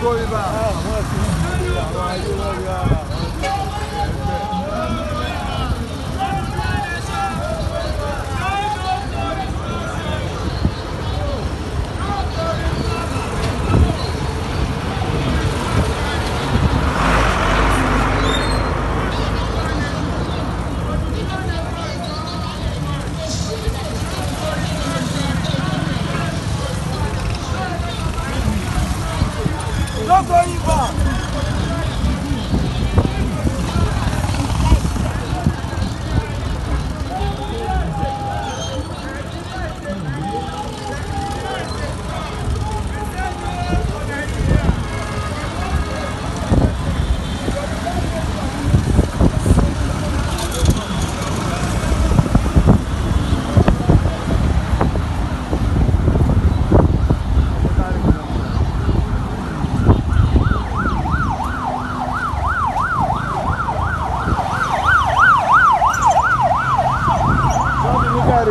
对吧？要光衣服！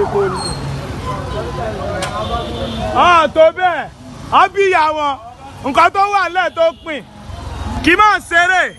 èkó ni. ọ̀hún tó bẹ́ẹ̀ ọ́ bí ìyá wọn nǹkan tó wà nílẹ̀ tó pin kì í máa ṣeré.